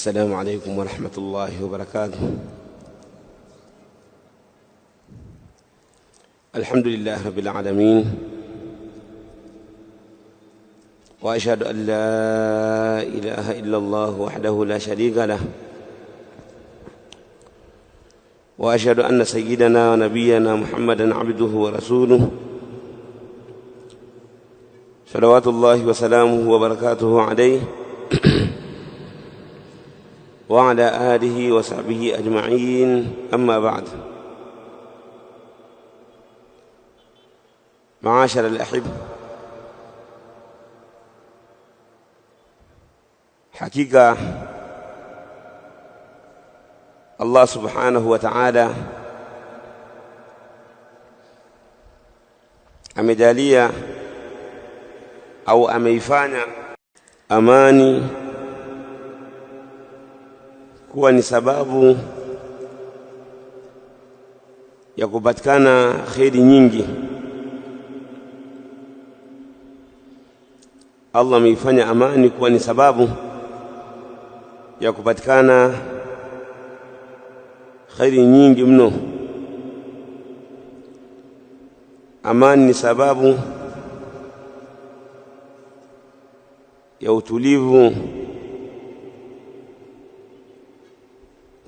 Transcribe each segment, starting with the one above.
السلام عليكم ورحمة الله وبركاته الحمد لله رب العالمين وأشهد أن لا إله إلا الله وحده لا شريك له وأشهد أن سيدنا ونبينا محمدا عبده ورسوله صلوات الله وسلامه وبركاته عليه وعلى آله وصحبه أجمعين أما بعد معاشر الأحبة حقيقة الله سبحانه وتعالى أميدالية أو أميفانة أماني kuwa ni sababu ya kupatikana kheri nyingi. Allah ameifanya amani kuwa ni sababu ya kupatikana kheri nyingi mno. Amani ni sababu ya utulivu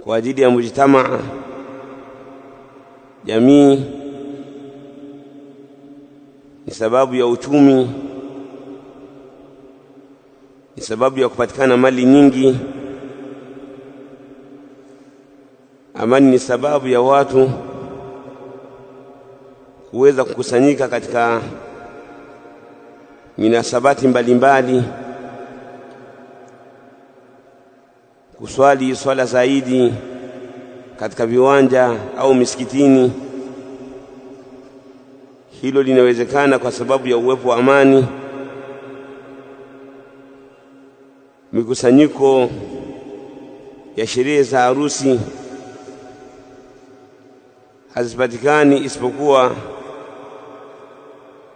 kwa ajili ya mujtama jamii, ni sababu ya uchumi, ni sababu ya kupatikana mali nyingi. Amani ni sababu ya watu kuweza kukusanyika katika minasabati mbalimbali mbali. kuswali swala zaidi katika viwanja au misikitini. Hilo linawezekana kwa sababu ya uwepo wa amani. Mikusanyiko ya sherehe za harusi hazipatikani isipokuwa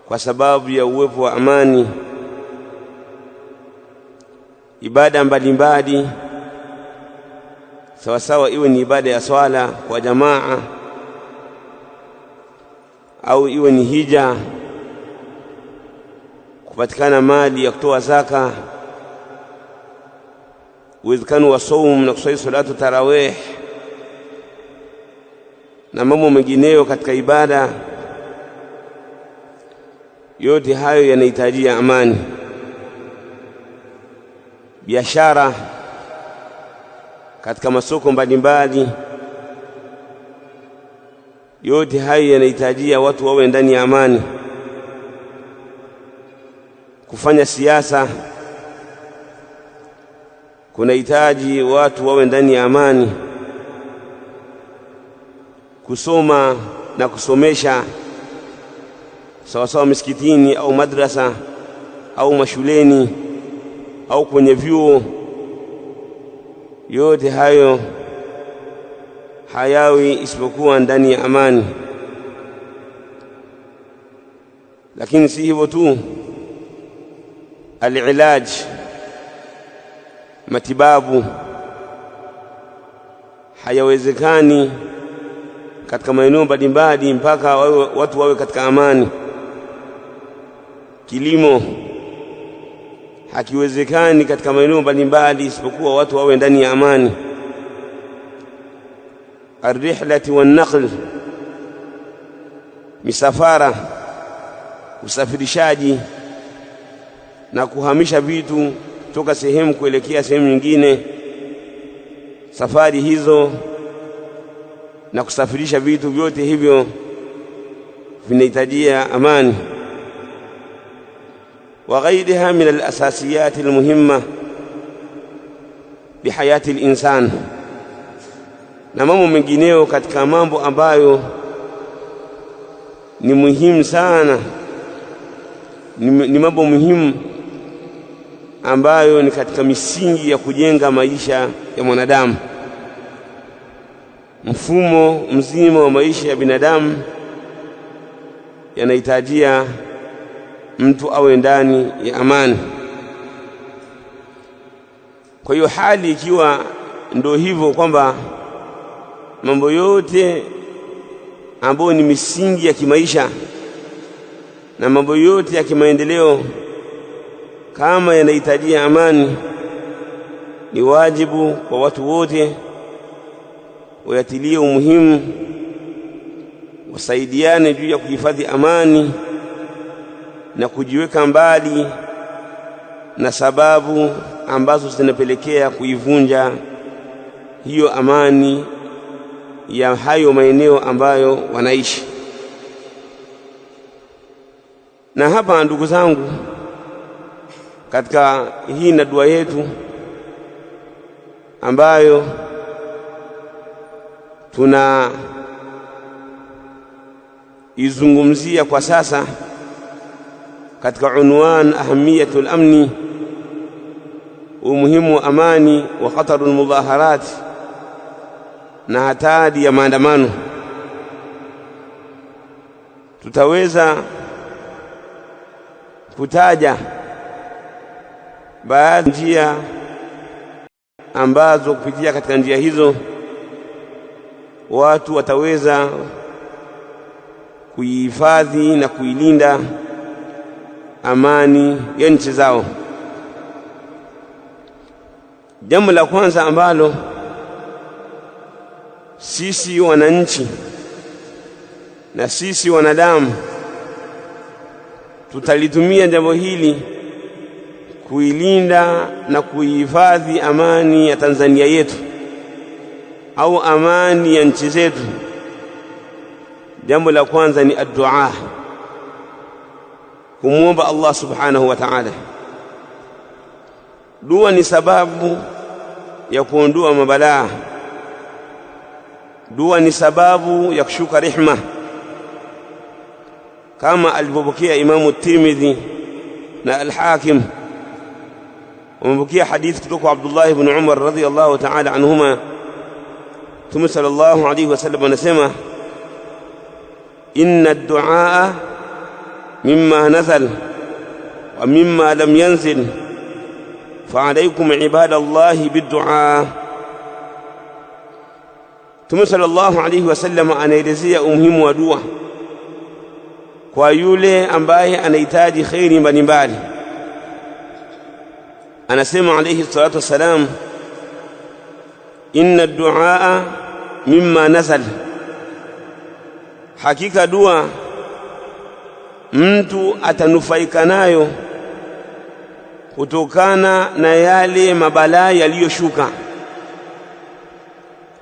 kwa sababu ya uwepo wa amani. Ibada mbalimbali sawasawa, iwe ni ibada ya swala kwa jamaa au iwe ni hija, kupatikana mali ya kutoa zaka, uwezekano wa saum na kuswali salatu tarawih na mambo mengineyo katika ibada, yote hayo yanahitajia amani biashara katika masoko mbalimbali. Yote hayo yanahitajia watu wawe ndani ya amani. Kufanya siasa kunahitaji watu wawe ndani ya amani. Kusoma na kusomesha sawasawa misikitini au madrasa au mashuleni au kwenye vyuo yote hayo hayawi isipokuwa ndani ya amani. Lakini si hivyo tu, alilaj, matibabu hayawezekani katika maeneo mbalimbali mpaka watu wawe katika amani. Kilimo akiwezekani katika maeneo mbalimbali, isipokuwa watu wawe ndani ya amani. Arrihlati wanaql, misafara, usafirishaji na kuhamisha vitu kutoka sehemu kuelekea sehemu nyingine, safari hizo na kusafirisha vitu vyote hivyo vinahitajia amani. وغيرها من الأساسيات المهمة بحياة الإنسان na mambo mengineyo katika mambo ambayo ni muhimu sana, ni, ni mambo muhimu ambayo ni katika misingi ya kujenga maisha ya mwanadamu. Mfumo mzima wa maisha ya binadamu yanahitajia mtu awe ndani ya amani. Kwa hiyo hali ikiwa ndio hivyo kwamba mambo yote ambayo ni misingi ya kimaisha na mambo yote ya kimaendeleo kama yanahitajia amani, ni wajibu kwa watu wote wayatilie umuhimu, wasaidiane juu ya kuhifadhi amani na kujiweka mbali na sababu ambazo zinapelekea kuivunja hiyo amani ya hayo maeneo ambayo wanaishi. Na hapa, ndugu zangu, katika hii na dua yetu ambayo tunaizungumzia kwa sasa katika unwan ahamiyatul amni, umuhimu wa amani, wa khatarul mudhaharati, na hatari ya maandamano, tutaweza kutaja baadhi njia ambazo kupitia katika njia hizo watu wataweza kuihifadhi na kuilinda amani ya nchi zao. Jambo la kwanza ambalo sisi wananchi na sisi wanadamu tutalitumia jambo hili kuilinda na kuihifadhi amani ya Tanzania yetu au amani ya nchi zetu. Jambo la kwanza ni addua. kumwomba Allah subhanahu wa ta'ala. Dua ni sababu ya kuondoa mabalaa, dua ni sababu ya kushuka rehma, kama alivyopokea Imamu Tirmidhi na Alhakim. Wamepokea hadithi kutoka kwa Abdullahi ibn Umar radhiyallahu ta'ala anhuma. Mtume sallallahu alayhi wasallam anasema inna ad-du'a مما نزل ومما لم ينزل فعليكم عباد الله بالدعاء ثم صلى الله عليه وسلم أن يرزي أمهم ودعا ويولي أمباي أن يتاجي خير من بالي أنا سمع عليه الصلاة والسلام إن الدعاء مما نزل حقيقة دُعَاءٌ mtu atanufaika nayo kutokana na yale mabalaa yaliyoshuka.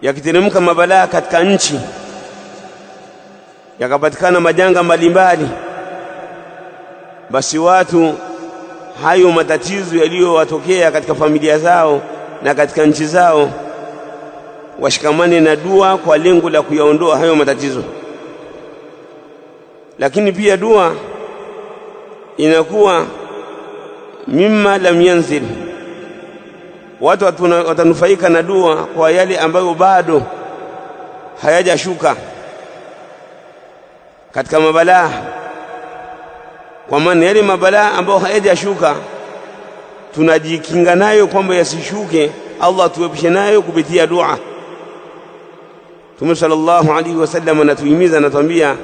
Yakiteremka mabalaa katika nchi, yakapatikana majanga mbalimbali, basi watu hayo matatizo yaliyowatokea katika familia zao na katika nchi zao washikamane na dua kwa lengo la kuyaondoa hayo matatizo. Lakini pia dua inakuwa mimma lam yanzil, watu watanufaika na dua kwa yale ambayo bado hayajashuka katika mabalaa, kwa maana yale mabalaa ambayo hayajashuka tunajikinga nayo kwamba yasishuke. Allah tuepushe nayo kupitia dua. Mtume sallallahu alaihi wasallam anatuhimiza, anatuambia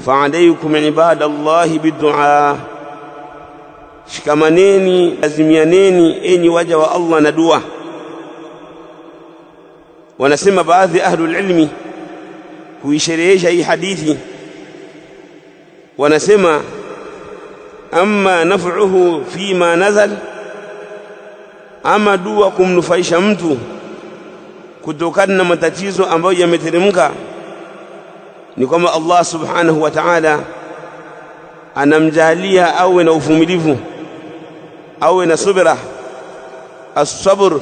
Faalaikum ibada llahi biduaa, shikamaneni lazimianeni, enyi waja wa Allah na dua. Wanasema baadhi ya ahlulilmi kuisherehesha hii hadithi, wanasema amma naf'uhu fi ma nazal, ama dua kumnufaisha mtu kutokana na matatizo ambayo yameteremka ni kwamba Allah subhanahu wa ta'ala anamjalia awe na uvumilivu, awe na subira, asabr,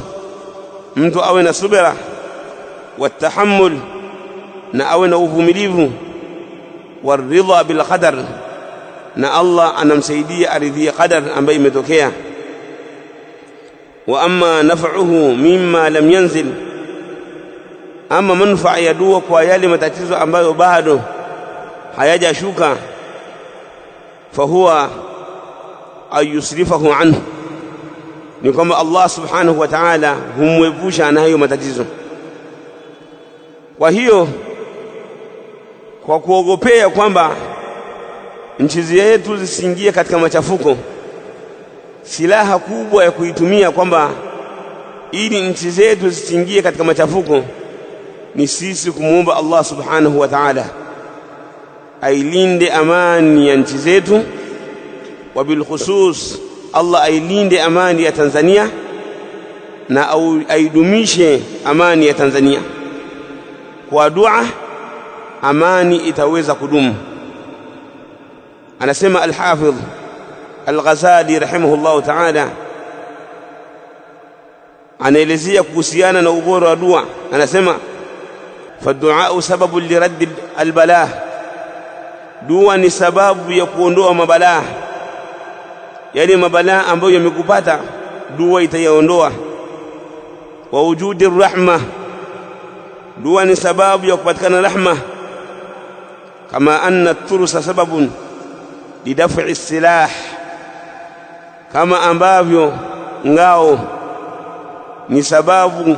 mtu awe na subira, watahammul, na awe na uvumilivu, waridha bil qadar, na Allah anamsaidia aridhie qadar ambayo imetokea. Wa amma naf'uhu mimma lam yanzil ama manufaa ya dua kwa yale matatizo ambayo bado hayajashuka, fahuwa ayusrifahu anhu, ni kwamba Allah subhanahu wa ta'ala humwevusha na hayo matatizo. Kwa hiyo kwa kuogopea kwamba nchi zetu zisiingie katika machafuko, silaha kubwa ya kuitumia kwamba ili nchi zetu zisiingie katika machafuko nisisi kumuomba Allah subhanahu wa ta'ala ailinde amani ya nchi zetu, wa bilkhusus Allah ailinde amani ya Tanzania na aidumishe amani ya Tanzania kwa dua, amani itaweza kudumu. Anasema Alhafidh Alghazali rahimahullahu ta'ala, anaelezea kuhusiana na ubora wa dua, anasema فالدعاء سبب لرد البلاء دعوة سبب يكون دعوة مبلاء يعني مبلاء أمبو يمكبات دعوة يتيون دعوة ووجود الرحمة دعوة سبب يكبت كان رحمة كما أن الترس سبب لدفع السلاح كما أمبو ngao ni sababu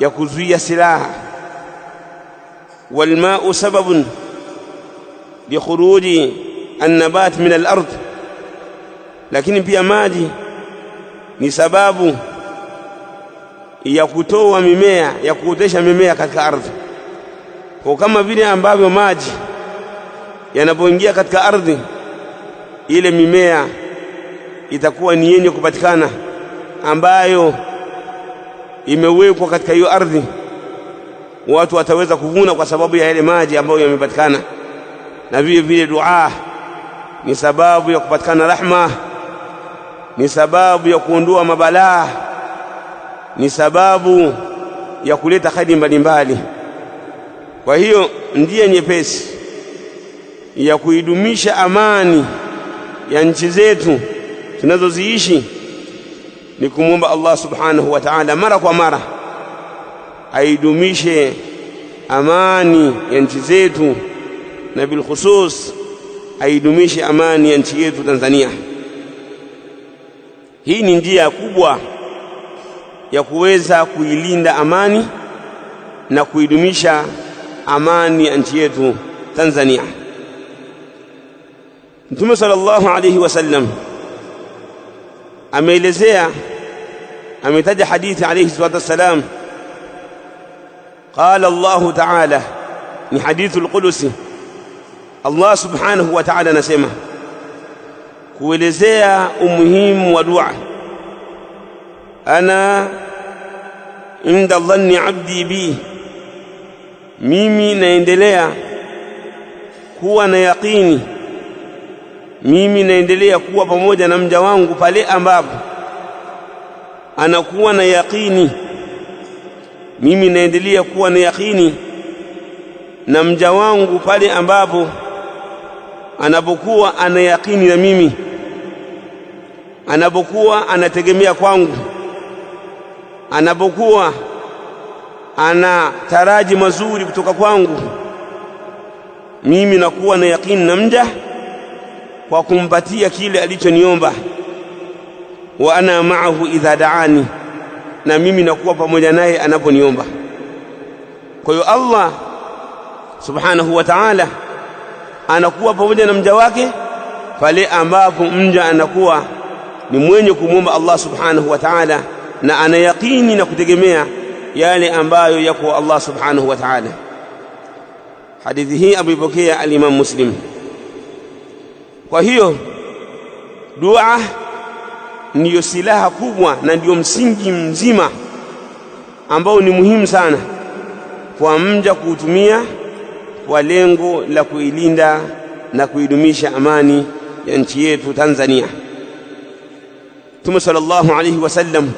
ya kuzuia والماء سبب لخروج النبات من الأرض lakini بيا maji ni sababu ya kutoa mimea ya kuotesha mimea katika ardhi. Kwa kama vile ambavyo maji yanapoingia katika ardhi, ile mimea itakuwa ni yenye kupatikana ambayo imewekwa katika hiyo ardhi watu wataweza kuvuna kwa sababu ya yale maji ambayo yamepatikana. Na vile vile dua ni sababu ya kupatikana rahma, ni sababu ya kuondoa mabalaa, ni sababu ya kuleta kheri mbalimbali. Kwa hiyo ndiye nyepesi ya kuidumisha amani ya nchi zetu tunazoziishi ni kumwomba Allah subhanahu wa ta'ala mara kwa mara aidumishe amani ya nchi zetu na bilkhusus aidumishe amani ya nchi yetu Tanzania. Hii ni njia kubwa ya kuweza kuilinda amani na kuidumisha amani ya nchi yetu Tanzania. Mtume sallallahu alayhi wasallam ameelezea, ametaja hadithi alayhi salatu wassalam قال الله تعالى ni hadithu al-Qudsi Allah subhanahu wa ta'ala anasema kuelezea umuhimu wa dua ana inda dhanni abdi bi mimi naendelea kuwa na yaqini mimi naendelea kuwa pamoja na mja wangu pale ambapo anakuwa na yaqini mimi naendelea kuwa na yakini na mja wangu pale ambapo anapokuwa ana yakini na mimi, anapokuwa anategemea kwangu, anapokuwa ana taraji mazuri kutoka kwangu, mimi nakuwa na yakini na mja kwa kumpatia kile alichoniomba. wa ana maahu idha daani na mimi nakuwa pamoja naye anaponiomba. Kwa hiyo Allah subhanahu wa ta'ala anakuwa pamoja na mja wake pale ambapo mja anakuwa ni mwenye kumwomba Allah subhanahu wa ta'ala na anayaqini na kutegemea yale ambayo yako Allah subhanahu wa ta'ala. Hadithi hii ameipokea alimamu Muslim. Kwa hiyo dua ndiyo silaha kubwa na ndiyo msingi mzima ambao ni muhimu sana kwa mja kuutumia kwa lengo la kuilinda na kuidumisha amani ya nchi yetu Tanzania. Mtume sallallahu alayhi wasallam,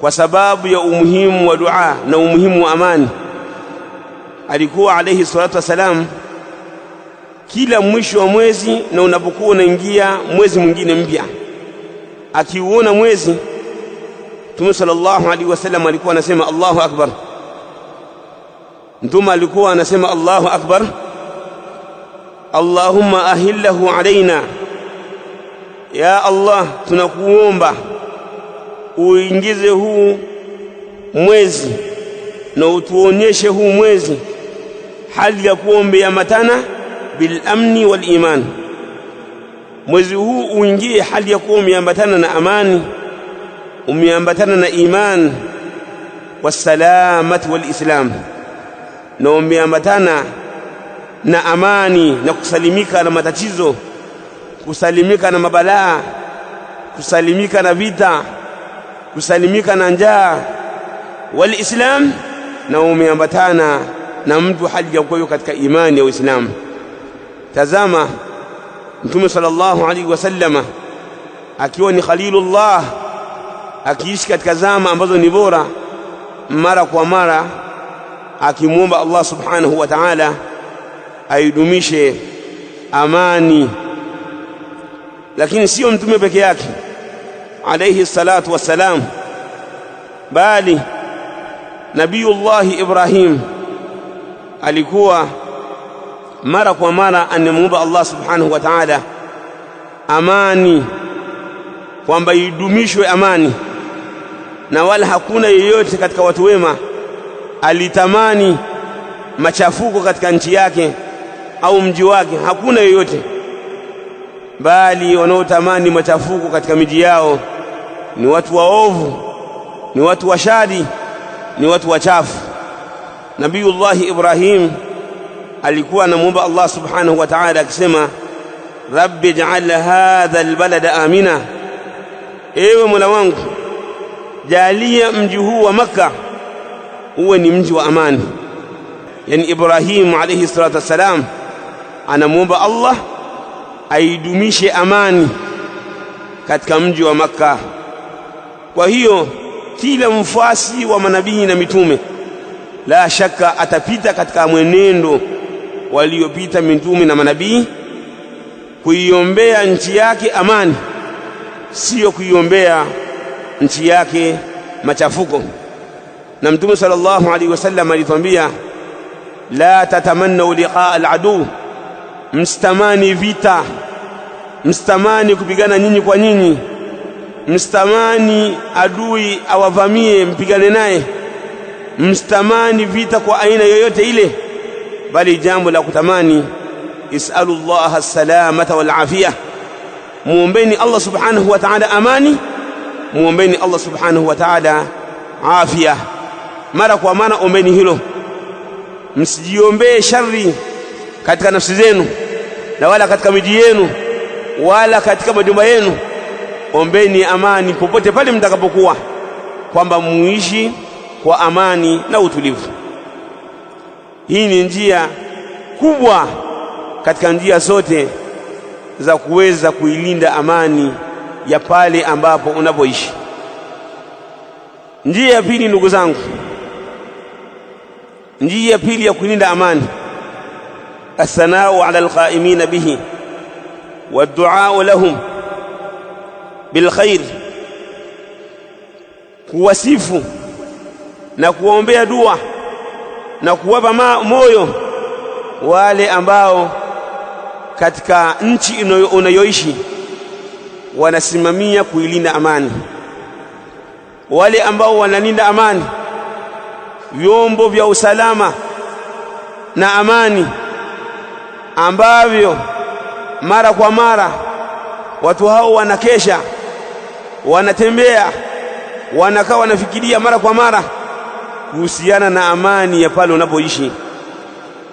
kwa sababu ya umuhimu wa dua na umuhimu wa amani, alikuwa alayhi salatu wasalam kila mwisho wa mwezi na unapokuwa unaingia mwezi mwingine mpya akiuona mwezi Mtume sallallahu alaihi wasallam alikuwa anasema Allahu akbar. Mtume alikuwa anasema Allahu akbar, Allahumma ahillahu alaina, ya Allah, tunakuomba uingize huu mwezi na utuonyeshe huu mwezi hali ya kuombea matana bil amni wal iman mwezi huu uingie hali ya kuwa umeambatana na amani, umeambatana na imani wasalamati islam, na umeambatana na amani na kusalimika na matatizo, kusalimika na mabalaa, kusalimika na vita, kusalimika na njaa. islam, na umeambatana na mtu hali ya kuwa katika imani ya Uislamu. Tazama Mtume sallallahu alaihi wasallama akiwa ni Khalilullah, akiishi katika zama ambazo ni bora, mara kwa mara akimwomba Allah subhanahu wa ta'ala aidumishe amani. Lakini siyo mtume peke yake alayhi salatu wassalam, bali Nabiyullahi Ibrahim alikuwa mara kwa mara anemuomba Allah subhanahu wa ta'ala amani, kwamba idumishwe amani, na wala hakuna yeyote katika watu wema alitamani machafuko katika nchi yake au mji wake, hakuna yeyote bali wanaotamani machafuko katika miji yao ni watu waovu, ni watu washadi, ni watu wachafu. Nabiyullahi Ibrahim alikuwa anamwomba Allah subhanahu wa ta'ala akisema, rabbi ij'al hadha albalada amina, ewe Mola wangu jalia mji huu wa Makka uwe ni mji wa amani. Yani Ibrahimu alayhi salatu wassalam anamwomba Allah aidumishe amani katika mji wa Makka. Kwa hiyo kila mfuasi wa manabii na mitume la shaka atapita katika mwenendo waliopita mitume na manabii, kuiombea nchi yake amani, siyo kuiombea nchi yake machafuko. Na Mtume sallallahu alaihi wasallam alitwambia, la tatamannau liqaa aladu, msitamani vita, msitamani kupigana nyinyi kwa nyinyi, msitamani adui awavamie mpigane naye, msitamani vita kwa aina yoyote ile bali jambo la kutamani. Isalu llaha salamata wal afia, muombeni Allah subhanahu wa ta'ala amani, muombeni Allah subhanahu wa ta'ala afia. Mara kwa mara ombeni hilo, msijiombee shari katika nafsi zenu na wala katika miji yenu wala katika majumba yenu. Ombeni amani popote pale mtakapokuwa, kwamba muishi kwa amani na utulivu. Hii ni njia kubwa katika njia zote za kuweza kuilinda amani ya pale ambapo unapoishi. Njia ya pili, ndugu zangu, njia ya pili ya kulinda amani, assanau ala alqaimina bihi wadduau lahum bilkhair, kuwasifu na kuombea dua na kuwapa moyo wale ambao katika nchi unayoishi wanasimamia kuilinda amani, wale ambao wanalinda amani, vyombo vya usalama na amani ambavyo mara kwa mara watu hao wanakesha, wanatembea, wanakaa, wanafikiria mara kwa mara kuhusiana na amani ya pale unapoishi.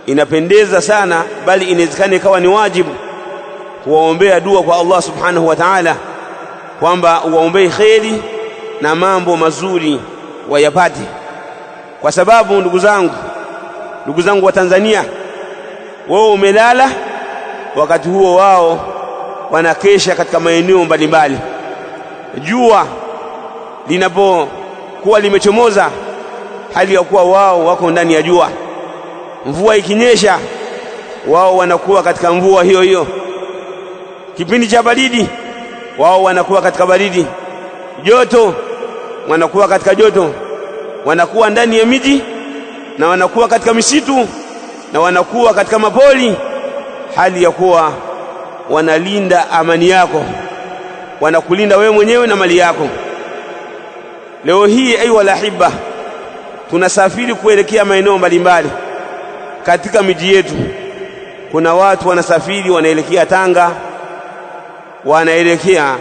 Inapendeza sana, bali inawezekana ikawa ni wajibu kuwaombea dua kwa Allah subhanahu wa ta'ala, kwamba uwaombee kheri na mambo mazuri wayapate, kwa sababu ndugu zangu, ndugu zangu wa Tanzania, wewe umelala wakati huo wao wanakesha katika maeneo mbalimbali. Jua linapokuwa limechomoza hali ya kuwa wao wako ndani ya jua. Mvua ikinyesha, wao wanakuwa katika mvua hiyo hiyo. Kipindi cha baridi, wao wanakuwa katika baridi. Joto, wanakuwa katika joto. Wanakuwa ndani ya miji na wanakuwa katika misitu na wanakuwa katika mapoli, hali ya kuwa wanalinda amani yako, wanakulinda wewe mwenyewe na mali yako. Leo hii ayuha lahiba tunasafiri kuelekea maeneo mbalimbali katika miji yetu. Kuna watu wanasafiri wanaelekea Tanga, wanaelekea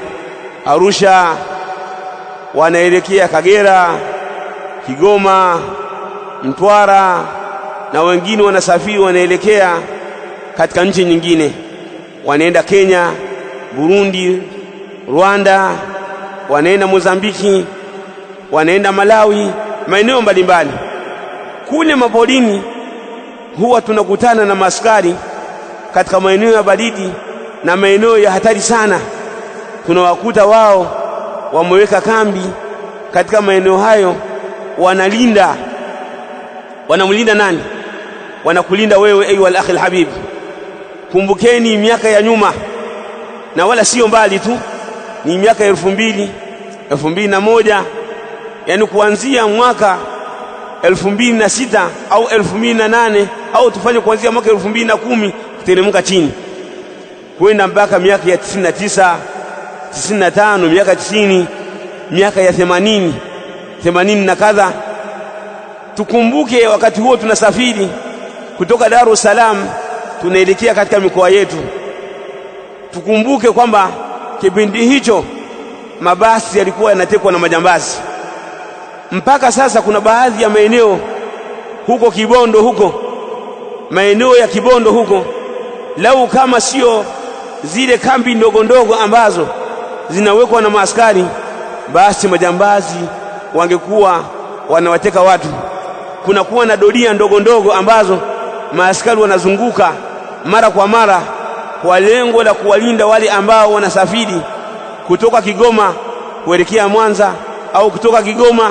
Arusha, wanaelekea Kagera, Kigoma, Mtwara na wengine wanasafiri wanaelekea katika nchi nyingine, wanaenda Kenya, Burundi, Rwanda, wanaenda Mozambiki, wanaenda Malawi maeneo mbalimbali. Kule mapolini huwa tunakutana na maskari katika maeneo ya baridi na maeneo ya hatari sana, tunawakuta wao wameweka kambi katika maeneo hayo, wanalinda. Wanamlinda nani? Wanakulinda wewe, ayu al lhabibi habib Kumbukeni miaka ya nyuma na wala sio mbali tu, ni miaka elfu mbili elfu mbili na moja yani kuanzia mwaka 2006 au 2008 au tufanye kuanzia mwaka 2010 kuteremka chini kwenda mpaka miaka ya 99 95 miaka 90 miaka ya 80 80 na kadha. Tukumbuke wakati huo tunasafiri kutoka Dar es Salaam tunaelekea katika mikoa yetu. Tukumbuke kwamba kipindi hicho mabasi yalikuwa yanatekwa na majambazi. Mpaka sasa kuna baadhi ya maeneo huko Kibondo, huko maeneo ya Kibondo huko, lau kama sio zile kambi ndogo ndogo ambazo zinawekwa na maaskari, basi majambazi wangekuwa wanawateka watu. Kunakuwa na doria ndogo ndogo ambazo maaskari wanazunguka mara kwa mara kwa lengo la kuwalinda wale ambao wanasafiri kutoka Kigoma kuelekea Mwanza au kutoka Kigoma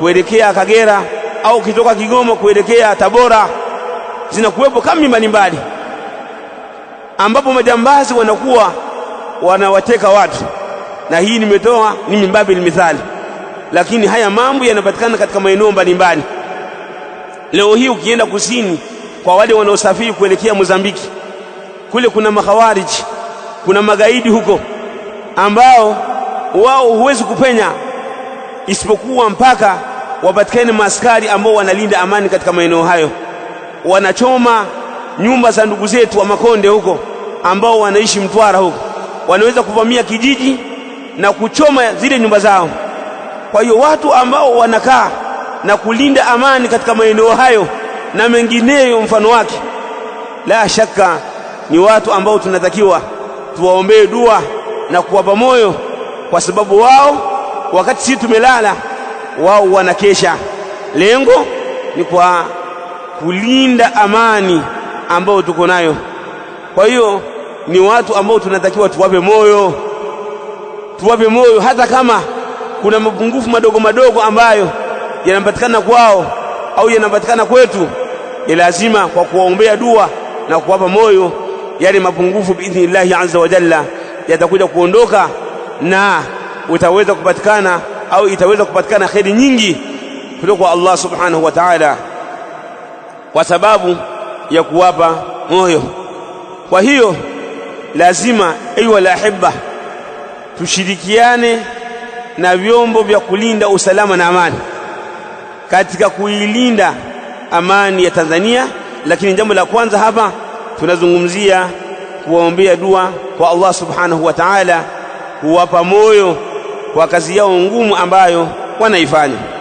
kuelekea Kagera au ukitoka Kigoma kuelekea Tabora, zinakuwepo kambi mbalimbali ambapo majambazi wanakuwa wanawateka watu, na hii nimetoa ni ni mithali, lakini haya mambo yanapatikana katika maeneo mbalimbali. Leo hii ukienda kusini, kwa wale wanaosafiri kuelekea Mozambiki, kule kuna makhawariji, kuna magaidi huko ambao wao huwezi kupenya isipokuwa mpaka wapatikane maaskari ambao wanalinda amani katika maeneo hayo. Wanachoma nyumba za ndugu zetu wa Makonde huko ambao wanaishi Mtwara huko, wanaweza kuvamia kijiji na kuchoma zile nyumba zao. Kwa hiyo watu ambao wanakaa na kulinda amani katika maeneo hayo na mengineyo mfano wake, la shaka ni watu ambao tunatakiwa tuwaombee dua na kuwapa moyo, kwa sababu wao wakati sisi tumelala wao wanakesha. Lengo ni kwa kulinda amani ambayo tuko nayo. Kwa hiyo ni watu ambao tunatakiwa tuwape moyo, tuwape moyo hata kama kuna mapungufu madogo madogo ambayo yanapatikana kwao au yanapatikana kwetu, ni lazima kwa kuwaombea dua na kuwapa moyo, yale mapungufu biidhnillahi azza wa jalla yatakuja kuondoka na utaweza kupatikana au itaweza kupatikana kheri nyingi kutoka kwa Allah subhanahu wa ta'ala, kwa sababu ya kuwapa moyo. Kwa hiyo lazima, ayuha lahibba, tushirikiane na vyombo vya kulinda usalama na amani katika kuilinda amani ya Tanzania. Lakini jambo la kwanza hapa tunazungumzia kuwaombea dua kwa Allah subhanahu wa ta'ala, kuwapa moyo kwa kazi yao ngumu ambayo wanaifanya.